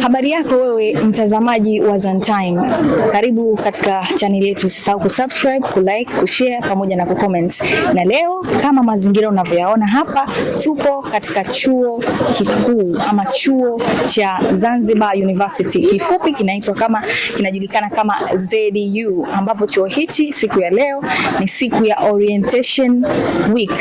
Habari yako wewe mtazamaji wa Zantime, karibu katika chaneli yetu. Usisahau kusubscribe, kulike, kushare pamoja na kucomment. Na leo kama mazingira unavyoyaona hapa, tupo katika chuo kikuu ama chuo cha Zanzibar University, kifupi kinaitwa kama kinajulikana kama ZU, ambapo chuo hichi siku ya leo ni siku ya orientation week,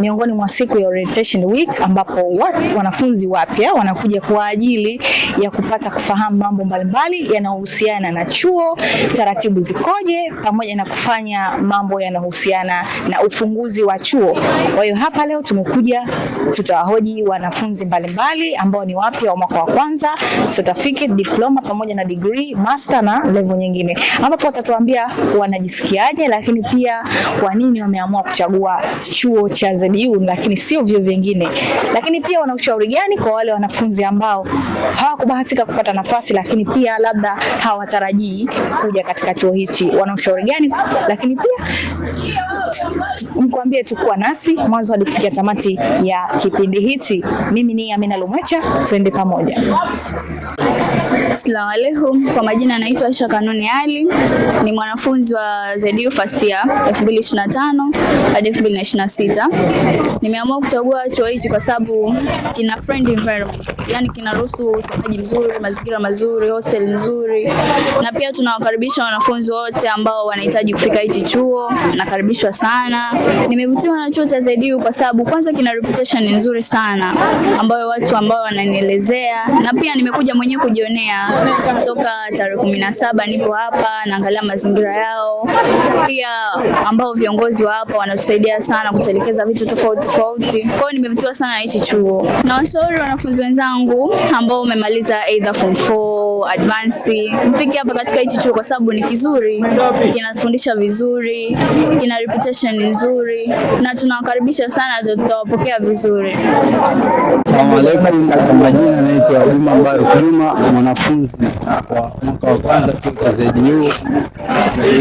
miongoni mwa siku ya orientation week ambapo wanafunzi wapya wanakuja kwa ajili ya ya kupata kufahamu mambo mbalimbali yanayohusiana na chuo, taratibu zikoje, pamoja na kufanya mambo yanayohusiana na ufunguzi wa chuo. Kwa hiyo hapa leo tumekuja, tutawahoji wanafunzi mbalimbali ambao ni wapya wa mwaka wa kwanza, certificate, diploma pamoja na degree, master na level nyingine, ambapo watatuambia wanajisikiaje, lakini pia kwa nini wameamua kuchagua chuo cha ZU lakini sio vyuo vingine, lakini pia wana ushauri gani kwa wale wanafunzi ambao hawakubali katika kupata nafasi, lakini pia labda hawatarajii kuja katika chuo hichi, wana ushauri gani? Lakini pia mkuambie tu kuwa nasi mwanzo hadi kufikia tamati ya kipindi hichi. Mimi ni Amina Lumwecha, twende pamoja. Asalamu alaykum. Kwa majina anaitwa Aisha Kanuni Ali, ni mwanafunzi wa ZDU first year 2025 hadi 2026. Nimeamua kuchagua chuo hichi kwa sababu kina friend environment. Yaani kinaruhusu usomaji mzuri, mazingira mazuri, hostel nzuri. Na pia tunawakaribisha wanafunzi wote ambao wanahitaji kufika hichi chuo, nakaribishwa sana. Nimevutiwa na chuo cha ZDU kwa sababu kwanza kina reputation nzuri sana ambayo watu ambao wananielezea na pia nimekuja mwenyewe kujionea Tanzania. kutoka tarehe kumi na saba nipo hapa naangalia mazingira yao, pia ambao viongozi wa hapa wanatusaidia sana kutuelekeza vitu tofauti tofauti. Kwa hiyo nimevutiwa sana na hichi chuo, na washauri wanafunzi wenzangu ambao wamemaliza either form 4 advance, mfike hapa katika hichi chuo kwa sababu ni kizuri, kinafundisha vizuri, kina reputation nzuri na tunawakaribisha sana, tutawapokea vizuri. Asalamu alaykum. Kwa majina naitwa Juma Mbaru Kiruma, mwanafunzi wa mwaka wa kwanza chuo cha ZDU,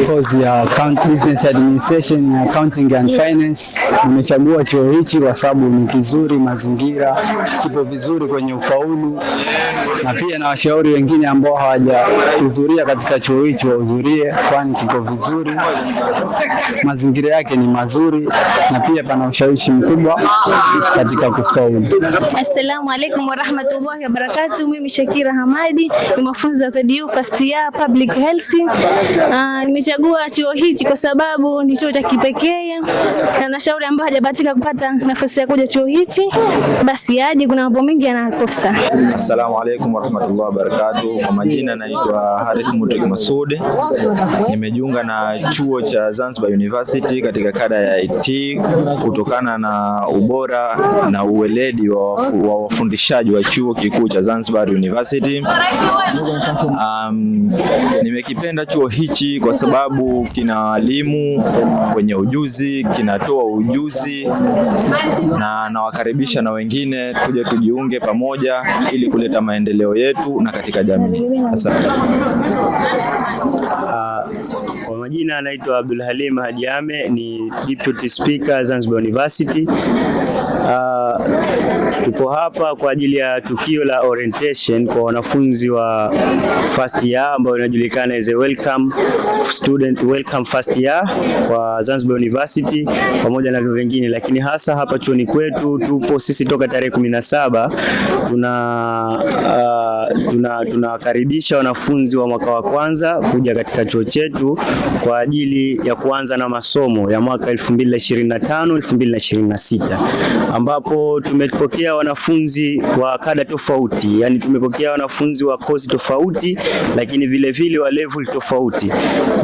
kozi ya account business administration na accounting and finance. Nimechagua chuo hichi kwa sababu ni kizuri, mazingira kipo vizuri kwenye ufaulu, na pia na washauri wengine wengine ambao hawajahudhuria katika chuo hicho wahudhurie, kwani kiko vizuri, mazingira yake ni mazuri na pia pana ushawishi mkubwa katika kufaulu. Assalamu rahmatullahi wa barakatuh. Mimi Shakira Hamadi ni mafunzo ya ZDU first year public health. Ah, nimechagua chuo hichi kwa sababu ni chuo cha kipekee na nashauri ambao hajabahatika kupata nafasi ya kuja chuo hichi basi aje, kuna mambo mengi anakosa. Assalamu rahmatullahi wa barakatuh. Kwa majina naitwa Harith Mutuki Masud, nimejiunga na chuo cha Zanzibar University katika kada ya IT kutokana na ubora na uweledi wa wafundishaji wa chuo kikuu cha Zanzibar University. Um, nimekipenda chuo hichi kwa sababu kina walimu wenye ujuzi, kinatoa ujuzi na nawakaribisha na wengine tuje tujiunge pamoja ili kuleta maendeleo yetu na katika jamii. Ah, kwa majina anaitwa Abdul Halim hajame ni Deputy Speaker Zanzibar University. Uh, Tupo hapa kwa ajili ya tukio la orientation kwa wanafunzi wa first year ambayo inajulikana as a welcome student, welcome first year kwa Zanzibar University pamoja na vingine, lakini hasa hapa chuoni kwetu tupo sisi toka tarehe 17 tuna uh, tunawakaribisha tuna wanafunzi wa mwaka wa kwanza kuja katika chuo chetu kwa ajili ya kuanza na masomo ya mwaka 2025 2026 ambapo tumepokea wanafunzi wa kada tofauti, yani tumepokea wanafunzi wa kozi tofauti, lakini vile vile wa level tofauti,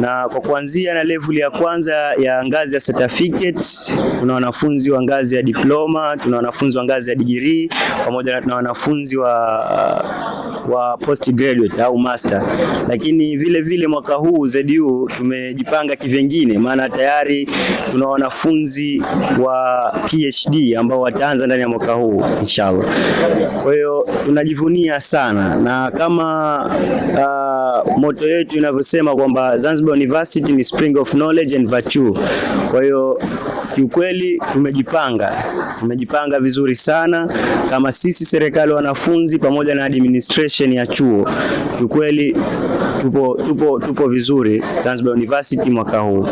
na kwa kuanzia na level ya kwanza ya ngazi ya certificate, tuna wanafunzi wa ngazi ya diploma, tuna wanafunzi wa ngazi ya degree pamoja na wanafunzi wa, wa postgraduate au master. Lakini vile vile mwaka huu ZU tumejipanga kivengine, maana tayari tuna wanafunzi wa PhD ambao wataanza ndani ya mwaka huu, inshallah. Kwa hiyo tunajivunia sana na kama uh, moto yetu inavyosema kwamba Zanzibar University ni spring of knowledge and virtue. Kwa hiyo Kiukweli tumejipanga, tumejipanga vizuri sana kama sisi serikali wanafunzi pamoja na administration ya chuo. Kiukweli tupo, tupo, tupo vizuri Zanzibar University mwaka huu.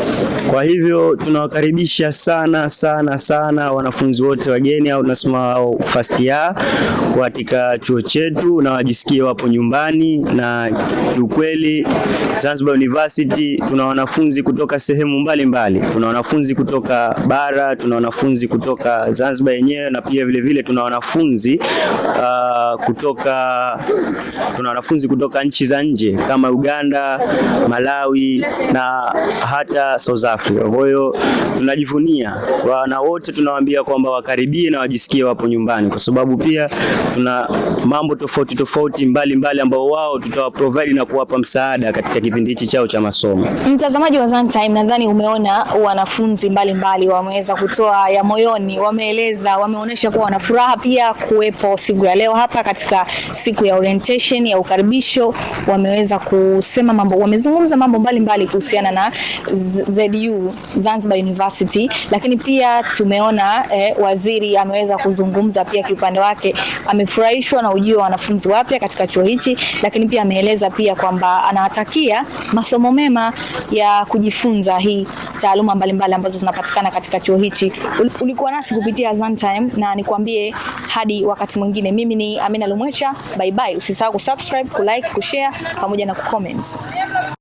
Kwa hivyo tunawakaribisha sana sana sana wanafunzi wote wageni au tunasema first year katika chuo chetu na wajisikie wapo nyumbani, na kiukweli Zanzibar University tuna wanafunzi kutoka sehemu mbalimbali mbali. Tuna wanafunzi kutoka bara, tuna wanafunzi kutoka Zanzibar yenyewe na pia vile vile tuna wanafunzi uh, kutoka tuna wanafunzi kutoka nchi za nje kama Uganda, Malawi na hata South Africa. Kwa hiyo tunajivunia na wote, tunawaambia kwamba wakaribie na wajisikie wapo nyumbani, kwa sababu pia tuna mambo tofauti tofauti mbalimbali ambao wao provide na kuwapa msaada katika kipindi hichi chao cha masomo. Mtazamaji wa Zantime, nadhani umeona wanafunzi mbalimbali wa wameweza kutoa ya moyoni, wameeleza, wameonyesha kuwa wana furaha pia kuwepo siku ya leo hapa katika siku ya orientation ya ukaribisho. Wameweza kusema mambo, wamezungumza mambo mbalimbali kuhusiana na ZU Zanzibar University, lakini pia tumeona eh, waziri ameweza kuzungumza pia kiupande wake, amefurahishwa na ujio wa wanafunzi wapya katika chuo hichi, lakini pia ameeleza pia kwamba anawatakia masomo mema ya kujifunza hii taaluma mbalimbali ambazo zinapatikana katika katika chuo hichi. Ulikuwa nasi kupitia Azam Time na nikwambie hadi wakati mwingine. Mimi ni Amina Lumwecha, bye bye. Usisahau kusubscribe, kulike, kushare pamoja na kucomment.